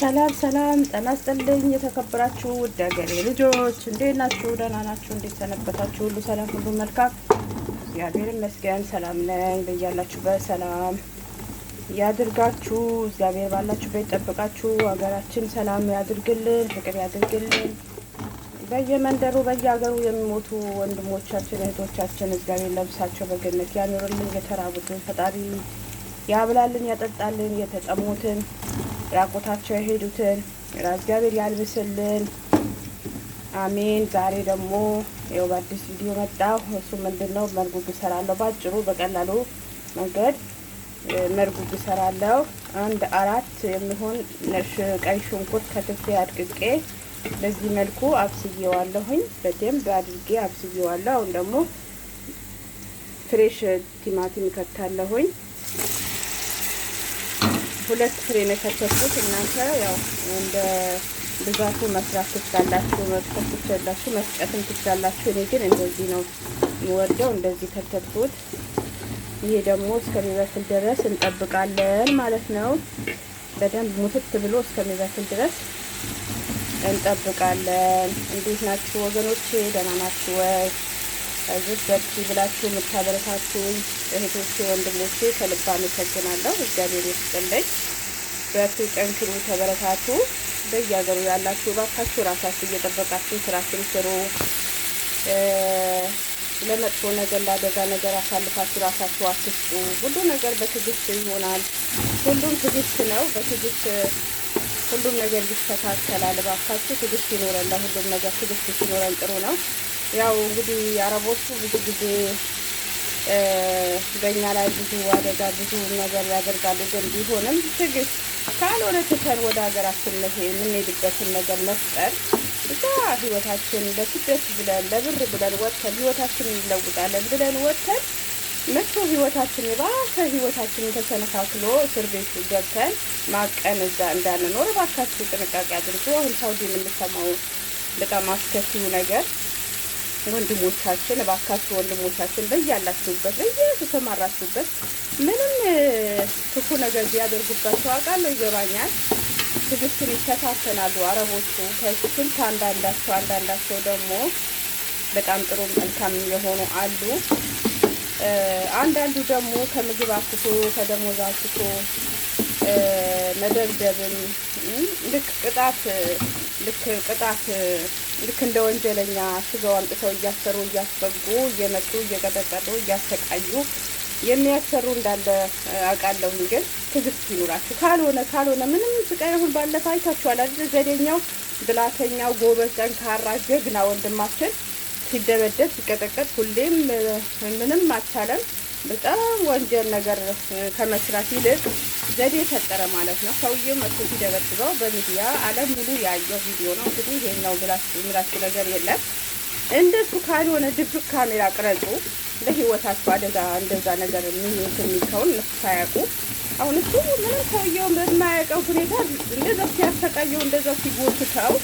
ሰላም ሰላም፣ ጤና ይስጥልኝ የተከበራችሁ ውድ ሀገሬ ልጆች እንዴት ናችሁ? ደህና ናችሁ? እንዴት ሰነበታችሁ? ሁሉ ሰላም፣ ሁሉ መልካም፣ እግዚአብሔር ይመስገን። ሰላም ነኝ። በያላችሁበት ሰላም ያድርጋችሁ። እግዚአብሔር ባላችሁበት ጠብቃችሁ ሀገራችን ሰላም ያድርግልን፣ ፍቅር ያድርግልን። በየመንደሩ በየሀገሩ የሚሞቱ ወንድሞቻችን እህቶቻችን እግዚአብሔር ለብሳቸው በገነት ያኖርልን። የተራቡትን ፈጣሪ ያብላልን፣ ያጠጣልን፣ የተጠሙትን ራቆታቸው የሄዱትን እግዚአብሔር ያልብስልን። አሜን። ዛሬ ደግሞ ይኸው በአዲስ ቪዲዮ መጣሁ። እሱ ምንድን ነው? መርጉግ እሰራለሁ። ባጭሩ በቀላሉ መንገድ መርጉግ እሰራለሁ። አንድ አራት የሚሆን ቀይ ሽንኩርት ከትፌ አድቅቄ በዚህ መልኩ አብስዬዋለሁኝ። በደንብ አድርጌ አብስዬዋለሁ። አሁን ደግሞ ፍሬሽ ቲማቲም ከታለሁኝ። ሁለት ፍሬ ነው የከተትኩት። እናንተ ያው እንደ ብዛቱ መስራት ትችላላችሁ፣ መጥፈት ትችላላችሁ፣ መፍጨትም ትችላላችሁ። እኔ ግን እንደዚህ ነው የምወደው፣ እንደዚህ ከተትኩት። ይሄ ደግሞ እስከሚበስል ድረስ እንጠብቃለን ማለት ነው። በደንብ ሙትት ብሎ እስከሚበስል ድረስ እንጠብቃለን። እንዴት ናችሁ ወገኖቼ? ደህና ናችሁ ወይ? እዚህ በርቺ ብላችሁ የምታበረታችሁኝ እህቶቼ፣ ወንድሞቼ ከልብ አመሰግናለሁ። እግዚአብሔር ይስጥልኝ። በርቱ፣ ጠንክሩ፣ ተበረታቱ። በየሀገሩ ያላችሁ እባካችሁ ራሳችሁ እየጠበቃችሁ ስራችን ስሩ። ለመጥፎ ነገር ለአደጋ ነገር አሳልፋችሁ ራሳችሁ አትስጡ። ሁሉ ነገር በትዕግስት ይሆናል። ሁሉም ትዕግስት ነው። በትዕግስት ሁሉም ነገር ይስተካከላል። እባካችሁ ትዕግስት ይኖረን። ለሁሉም ነገር ትዕግስት ሲኖረን ጥሩ ነው። ያው እንግዲህ አረቦቹ ብዙ ጊዜ በእኛ ላይ ብዙ አደጋ ብዙ ነገር ያደርጋሉ። ግን ቢሆንም ትግስት ካልሆነ ትተን ወደ ሀገራችን የምንሄድበትን ነገር መፍጠር እዛ ህይወታችን ለስደት ብለን ለብር ብለን ወጥተን ህይወታችን እንለውጣለን ብለን ወጥተን መቶ ህይወታችን የባሰ ህይወታችን ተሰነካክሎ እስር ቤት ገብተን ማቀን እዛ እንዳንኖር እባካችሁ ጥንቃቄ አድርጎ አሁን ሳውዲ የምንሰማው በጣም አስከፊው ነገር ወንድሞቻችን እባካችሁ ወንድሞቻችን በያላችሁበት በየተሰማራችሁበት ምንም ክፉ ነገር ቢያደርጉባቸው አውቃለሁ፣ ይገባኛል። ትግስትን ይከታተናሉ አረቦቹ ከስልት አንዳንዳቸው አንዳንዳቸው ደግሞ በጣም ጥሩ መልካም የሆኑ አሉ። አንዳንዱ ደግሞ ከምግብ አክቶ ከደሞዝ አክቶ መደብደብን ልክ ቅጣት ልክ ቅጣት ልክ እንደ ወንጀለኛ ስዘው አምጥተው እያሰሩ እያስበጉ እየመጡ እየቀጠቀጡ እያሰቃዩ የሚያሰሩ እንዳለ አውቃለሁ። ግን ትዕግስት ይኑራችሁ። ካልሆነ ካልሆነ ምንም ስቃይ አሁን ባለፈ አይታችኋል አይደል? ዘዴኛው፣ ብላተኛው፣ ጎበዝ፣ ጠንካራ፣ ጀግና ወንድማችን ሲደበደብ ሲቀጠቀጥ ሁሌም ምንም አልቻለም። በጣም ወንጀል ነገር ከመስራት ይልቅ ዘዴ ፈጠረ ማለት ነው። ሰውዬው መቶ ሲደበድበው በሚዲያ ዓለም ሙሉ ያየው ቪዲዮ ነው። እንግዲህ ይሄን ነው የምላችሁ ነገር የለም። እንደሱ ካልሆነ ድብቅ ካሜራ ቅረጹ። ለህይወታቸው አደጋ እንደዛ ነገር ምኞት የሚከውን እነሱ ሳያውቁ አሁን እሱ ምንም ሰውየውን በማያውቀው ሁኔታ እንደዛ ሲያሰቃየው እንደዛ ሲጎትተው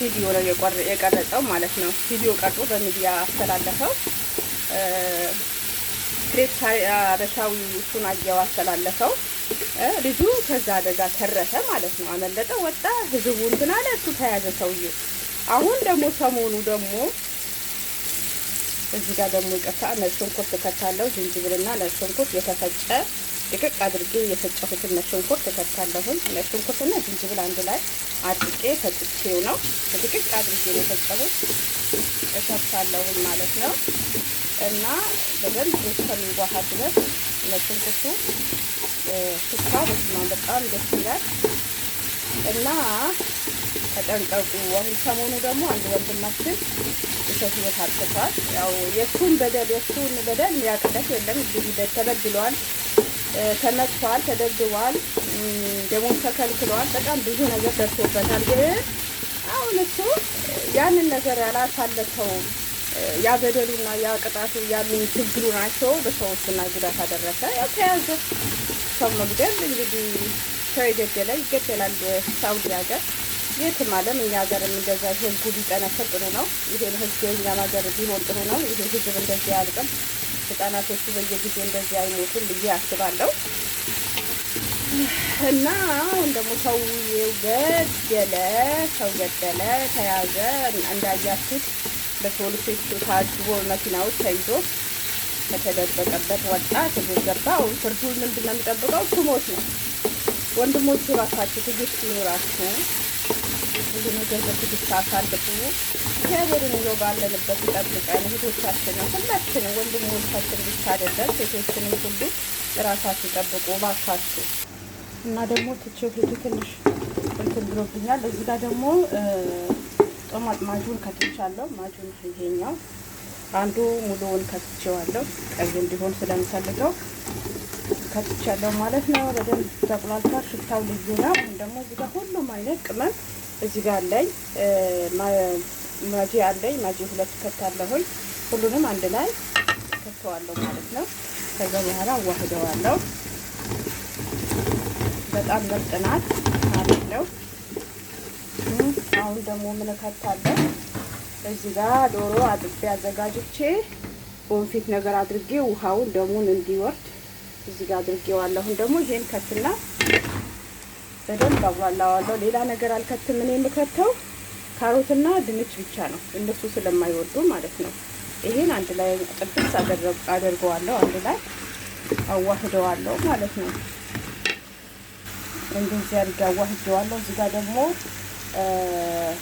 ቪዲዮ ነው የቀረጸው ማለት ነው። ቪዲዮ ቀርጦ በሚዲያ አስተላለፈው። ግሬት አበሻዊ አየው አስተላለፈው። ልጁ ከዛ አደጋ ተረፈ ማለት ነው። አመለጠ፣ ወጣ፣ ህዝቡ እንትን አለ፣ እሱ ተያዘ ሰውዬ። አሁን ደግሞ ሰሞኑ ደግሞ እዚህ ጋር ደግሞ ይቅርታ፣ ነጭ ሽንኩርት እከታለሁ። ዝንጅብልና ነጭ ሽንኩርት የተፈጨ ድቅቅ አድርጌ የፈጨሁትን ነጭ ሽንኩርት እከታለሁኝ። ነጭ ሽንኩርትና ዝንጅብል አንድ ላይ አድርቄ ፈጭቼው ነው። ድቅቅ አድርጌ የፈጨሁት እከታለሁኝ ማለት ነው። እና በደንብ እስከሚዋሃድ ድረስ ለሽንኩርቱ ሽታ በስማ በጣም ደስ ይላል። እና ተጠንቀቁ። አሁን ሰሞኑ ደግሞ አንድ ወንድማችን እሸት ቤት አርፍቷል። ያው የእሱን በደል የእሱን በደል ያቅለት የለም እንግዲህ ተበድሏል፣ ተመጥቷል፣ ተደግቧል፣ ደግሞ ተከልክሏል። በጣም ብዙ ነገር ደርሶበታል። ግን አሁን እሱ ያንን ነገር ያላሳለፈውም ያ እና ያ ቅጣቱ ያሉኝ ችግሩ ናቸው። በሰዎች በሰዎችና ጉዳት አደረሰ። ያው ተያዘ። ሰው መግደል እንግዲህ ሰው የገደለ ይገደላል። ሳውዲ ሀገር፣ የትም ዓለም እኛ ሀገርም እንደዛ ህጉ ቢጠነከር ጥሩ ነው። ይሄን ህግ የእኛም ሀገር ቢሆን ጥሩ ነው። ይሄ ህዝብ እንደዚህ አያልቅም። ህጻናቶቹ በየጊዜ እንደዚህ አይሞቱም ብዬ አስባለሁ። እና አሁን ደግሞ ሰው ገደለ፣ ሰው ገደለ፣ ተያዘ እንዳያችሁት በሶልፌት ታጅቦ መኪና ውስጥ ተይዞ ከተደበቀበት ወጣ፣ ትግል ገባ። አሁን ፍርዱን ምንድን ነው የሚጠብቀው? ስሞት ነው። ወንድሞቹ ራሳቸው ትግስት ይኑራችሁ። ብዙ ነገር በትግስት አሳልፉ። እግዚአብሔርን ይዞ ባለንበት ይጠብቀን። እህቶቻችንን ሁላችንም፣ ወንድሞቻችን ብቻ አይደለም ሴቶችንም ሁሉ ራሳችሁ ይጠብቁ ባካችሁ። እና ደግሞ ትቼው ሄዱ ትንሽ እንትን ብሎብኛል። እዚህ ጋር ደግሞ ቶማት ማጁን ከትቻለሁ። ማጁን ይሄኛው አንዱ ሙሉውን ከትቼዋለሁ። ቀይ እንዲሆን ስለምፈልገው ከትቻለሁ ማለት ነው። በደንብ ተቁላልቷል። ሽታው ልዩ ነው። አሁን ደግሞ እዚህ ጋር ሁሉም አይነት ቅመም እዚህ ጋር አለኝ። ማጂ አለኝ። ማጂ ሁለት ከታለሁኝ። ሁሉንም አንድ ላይ ከተዋለሁ ማለት ነው። ከዛ በኋላ ዋህደዋለሁ። በጣም ለጥናት አሪፍ ነው። አሁን ደግሞ ምንከታለን እዚህ ጋር ዶሮ አጥቤ አዘጋጅቼ ወንፊት ነገር አድርጌ ውሃውን ደሙን እንዲወርድ እዚህ ጋር አድርጌዋለሁ። አሁን ደግሞ ይሄን ከትና በደንብ አዋላዋለሁ። ሌላ ነገር አልከትም። እኔ የምከተው ካሮትና ድንች ብቻ ነው፣ እነሱ ስለማይወዱ ማለት ነው። ይሄን አንድ ላይ ጥብስ አደርገዋለሁ፣ አንድ ላይ አዋህደዋለሁ ማለት ነው። እንደዚህ አድርጌ አዋህደዋለሁ። እዚህ ጋር ደግሞ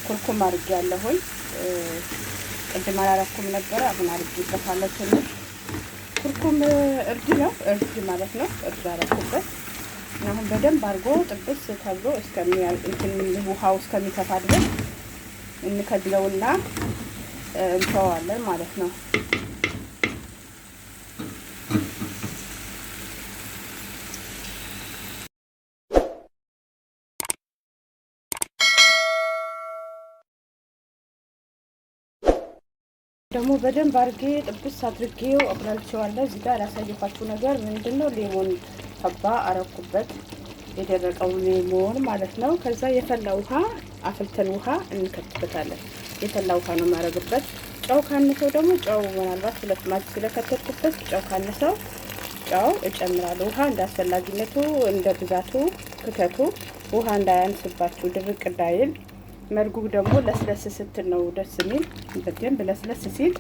ኩርኩም አድርጌ ያለሁኝ ቅድም አላረኩም ነበረ። አሁን አድርጌበታለሁ። ትንሽ ኩርኩም እርድ ነው፣ እርድ ማለት ነው። እርድ አረኩበት አሁን በደንብ አድርጎ ጥብስ ተብሎ ውሃው እስከሚከፋ ድረስ እንከድለውና እንተዋለን ማለት ነው። ደግሞ በደንብ አድርጌ ጥብስ አድርጌው አቁላልቼዋለሁ። እዚህ ጋር ያሳየኋችሁ ነገር ምንድን ነው ሌሞን ሀባ አረኩበት፣ የደረቀው ሌሞን ማለት ነው። ከዛ የፈላ ውሃ አፍልተን ውሃ እንከትበታለን። የፈላ ውሃ ነው የማረግበት። ጨው ካነሰው ደግሞ ጨው ምናልባት ሁለት ማጅ ስለከተትኩበት ጨው ካነሰው ጨው እጨምራለሁ። ውሃ እንደ አስፈላጊነቱ እንደ ብዛቱ ክተቱ። ውሃ እንዳያንስባችሁ ድርቅ እንዳይል መርጉ ደግሞ ለስለስ ስትል ነው ደስ የሚል። በደንብ ለስለስ ሲል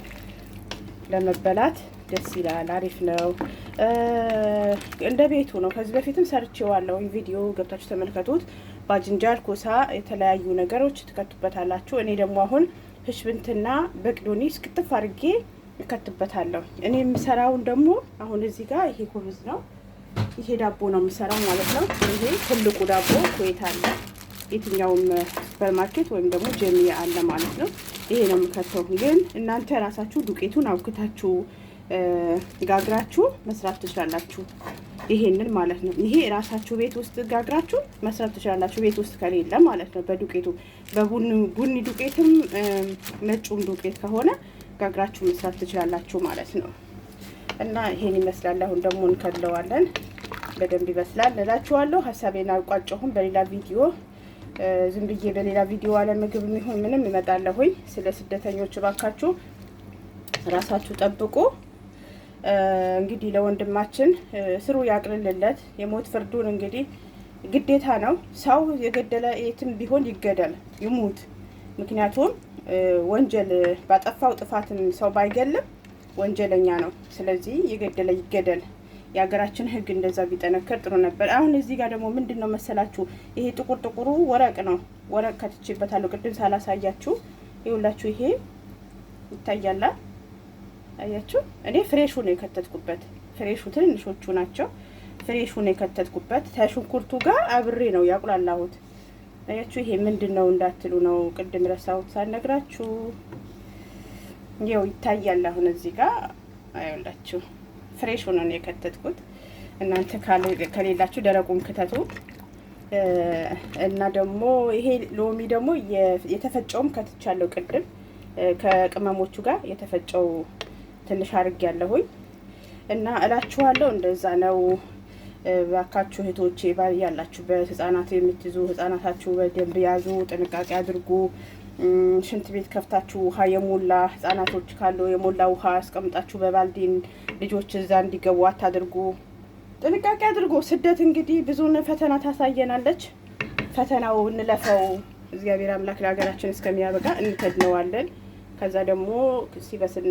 ለመበላት ደስ ይላል። አሪፍ ነው። እንደ ቤቱ ነው። ከዚህ በፊትም ሰርቼዋለሁ። ቪዲዮ ገብታችሁ ተመልከቱት። ባጅንጃል፣ ኮሳ፣ የተለያዩ ነገሮች ትከቱበታላችሁ። እኔ ደግሞ አሁን ህሽብንትና በቅዶኒ እስክጥፍ አድርጌ እከትበታለሁ። እኔ የምሰራውን ደግሞ አሁን እዚህ ጋር ይሄ ኩብዝ ነው። ይሄ ዳቦ ነው የምሰራው ማለት ነው። ይሄ ትልቁ ዳቦ ኩዌት አለ የትኛውም ሱፐር ማርኬት ወይም ደግሞ ጀሚ አለ ማለት ነው። ይሄ ነው የምከተው። ግን እናንተ ራሳችሁ ዱቄቱን አውክታችሁ ጋግራችሁ መስራት ትችላላችሁ። ይሄንን ማለት ነው። ይሄ ራሳችሁ ቤት ውስጥ ጋግራችሁ መስራት ትችላላችሁ። ቤት ውስጥ ከሌለ ማለት ነው። በዱቄቱ በቡኒ ዱቄትም ነጩም ዱቄት ከሆነ ጋግራችሁ መስራት ትችላላችሁ ማለት ነው። እና ይሄን ይመስላል። አሁን ደግሞ እንከለዋለን። በደንብ ይበስላል እላችኋለሁ። ሀሳቤን አልቋጨሁም። በሌላ ቪዲዮ ዝም ብዬ በሌላ ቪዲዮ አለ ምግብ የሚሆን ምንም እመጣለሁኝ። ስለ ስደተኞች እባካችሁ ራሳችሁ ጠብቁ። እንግዲህ ለወንድማችን ስሩ ያቅልልለት። የሞት ፍርዱን እንግዲህ ግዴታ ነው። ሰው የገደለ የትም ቢሆን ይገደል ይሙት። ምክንያቱም ወንጀል ባጠፋው ጥፋትን ሰው ባይገልም ወንጀለኛ ነው። ስለዚህ የገደለ ይገደል። የሀገራችን ህግ እንደዛ ቢጠነከር ጥሩ ነበር። አሁን እዚህ ጋር ደግሞ ምንድን ነው መሰላችሁ ይሄ ጥቁር ጥቁሩ ወረቅ ነው። ወረቅ ከትችበታለሁ ቅድም ሳላሳያችሁ ይውላችሁ፣ ይሄ ይታያላ። አያችሁ፣ እኔ ፍሬሹ ነው የከተትኩበት። ፍሬሹ ትንንሾቹ ናቸው። ፍሬሹ ነው የከተትኩበት። ከሽንኩርቱ ጋር አብሬ ነው ያቁላላሁት። አያችሁ፣ ይሄ ምንድን ነው እንዳትሉ ነው ቅድም ረሳሁት ሳልነግራችሁ። ይኸው ይታያል። አሁን እዚህ ጋር አይውላችሁ ፍሬሽ ሆኖ ነው የከተትኩት። እናንተ ከሌላችሁ ደረቁን ክተቱ እና ደግሞ ይሄ ሎሚ ደግሞ የተፈጨውም ከትቻለሁ ቅድም ከቅመሞቹ ጋር የተፈጨው ትንሽ አርግ ያለሁኝ እና እላችኋለሁ። እንደዛ ነው ባካችሁ እህቶቼ፣ ያላችሁበት ህጻናት የምትይዙ ህጻናታችሁ በደንብ ያዙ፣ ጥንቃቄ አድርጉ። ሽንት ቤት ከፍታችሁ ውሃ የሞላ ህጻናቶች ካለው የሞላ ውሃ አስቀምጣችሁ በባልዲን ልጆች እዛ እንዲገቡ አታድርጉ። ጥንቃቄ አድርጎ ስደት እንግዲህ ብዙን ፈተና ታሳየናለች። ፈተናው እንለፈው። እግዚአብሔር አምላክ ለሀገራችን እስከሚያበቃ እንተድነዋለን። ከዛ ደግሞ ሲበስል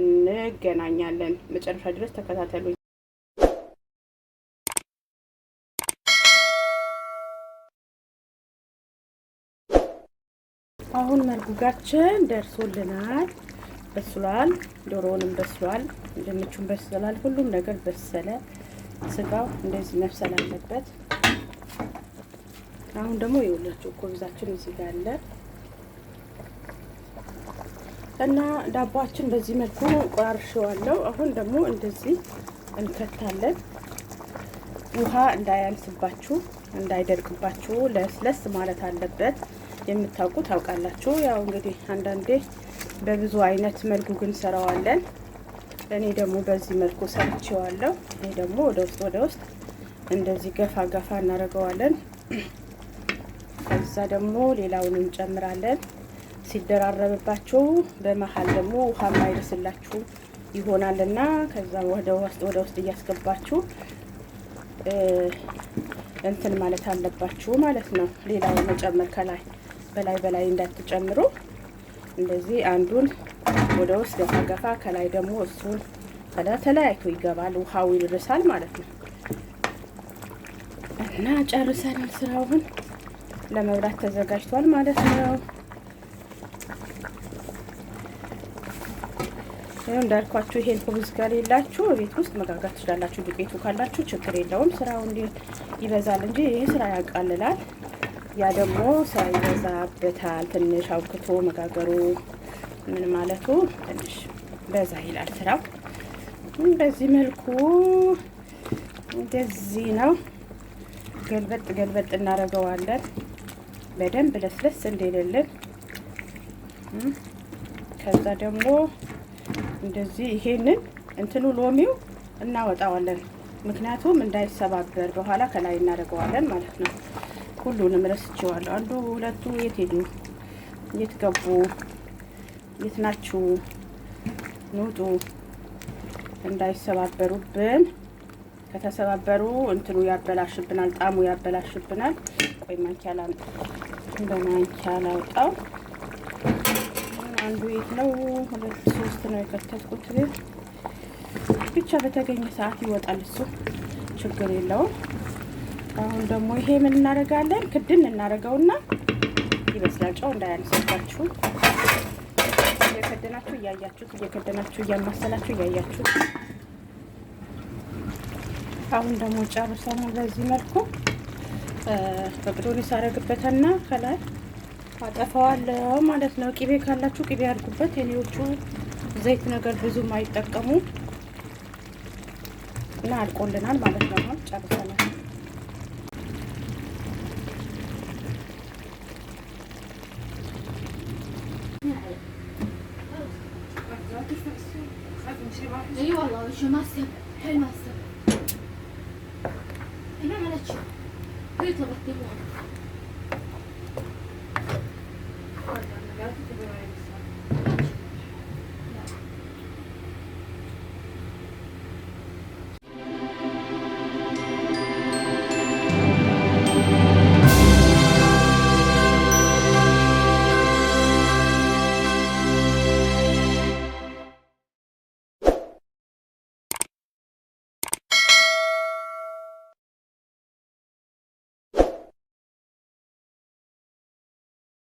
እንገናኛለን። መጨረሻ ድረስ ተከታተሉኝ። አሁን መርጉጋችን ደርሶልናል፣ በስሏል። ዶሮውንም በስሏል፣ ድንቹን በስሏል። ሁሉም ነገር በሰለ። ስጋው እንደዚህ መብሰል አለበት። አሁን ደግሞ የወለችው ኮብዛችን እዚህ አለ እና ዳቧችን በዚህ መልኩ ቆራርሸዋለሁ። አሁን ደግሞ እንደዚህ እንከታለን። ውሃ እንዳያንስባችሁ፣ እንዳይደርቅባችሁ ለስለስ ማለት አለበት። የምታውቁ ታውቃላችሁ። ያው እንግዲህ አንዳንዴ በብዙ አይነት መልኩ ግን ሰራዋለን። እኔ ደግሞ በዚህ መልኩ ሰርቼዋለሁ። ይህ ደግሞ ወደ ውስጥ ወደ ውስጥ እንደዚህ ገፋ ገፋ እናደርገዋለን። ከዛ ደግሞ ሌላውን እንጨምራለን። ሲደራረብባችሁ በመሀል ደግሞ ውሃ ይሆናል ይሆናልና ከዛ ወደ ውስጥ ወደ ውስጥ እያስገባችሁ እንትን ማለት አለባችሁ ማለት ነው። ሌላውን መጨመር ከላይ በላይ በላይ እንዳትጨምሩ። እንደዚህ አንዱን ወደ ውስጥ ገፋ ገፋ፣ ከላይ ደግሞ እሱን ተለያይቶ ይገባል። ውሃው ይርሳል ማለት ነው። እና ጨርሰናል። ስራውን ለመብራት ተዘጋጅቷል ማለት ነው። ይኸው እንዳልኳችሁ ይሄን ሁብዝ ከሌላችሁ ቤት ውስጥ መጋጋት ትችላላችሁ። ዱቄቱ ካላችሁ ችግር የለውም። ስራው እንዲ ይበዛል እንጂ ይሄ ስራ ያቃልላል። ያ ደግሞ ስራ ይበዛበታል። ትንሽ አውክቶ መጋገሩ ምን ማለቱ ትንሽ በዛ ይላል ስራው። በዚህ መልኩ እንደዚህ ነው። ገልበጥ ገልበጥ እናደርገዋለን በደንብ ለስለስ እንደሌለን። ከዛ ደግሞ እንደዚህ ይሄንን እንትኑ ሎሚው እናወጣዋለን፣ ምክንያቱም እንዳይሰባበር በኋላ ከላይ እናደርገዋለን ማለት ነው። ሁሉንም ረስቼዋለሁ። አንዱ ሁለቱ የት ሄዱ? የት ገቡ? የት ናችሁ? ንውጡ እንዳይሰባበሩብን። ከተሰባበሩ እንትኑ ያበላሽብናል፣ ጣሙ ያበላሽብናል። ቆይ ማንኪያ ላምጣ፣ በማንኪያ ላውጣው። አንዱ የት ነው? ሁለት ሶስት ነው የከተትኩት። ብቻ በተገኘ ሰዓት ይወጣል እሱ፣ ችግር የለውም። አሁን ደግሞ ይሄ ምን እናደርጋለን? ክድን እናደርገውና ይበስላል። ጨው እንዳያንስባችሁ እየከደናችሁ እያያችሁት እየከደናችሁ እያማሰላችሁ እያያችሁት። አሁን ደግሞ ጨርሰን በዚህ መልኩ መቅዶኒ ሳረግበትና ከላይ አጠፋዋለሁ ማለት ነው። ቂቤ ካላችሁ ቂቤ ያልኩበት የኔዎቹ ዘይት ነገር ብዙም አይጠቀሙም እና አልቆልናል ማለት ነው። ጨርሰናል። しませ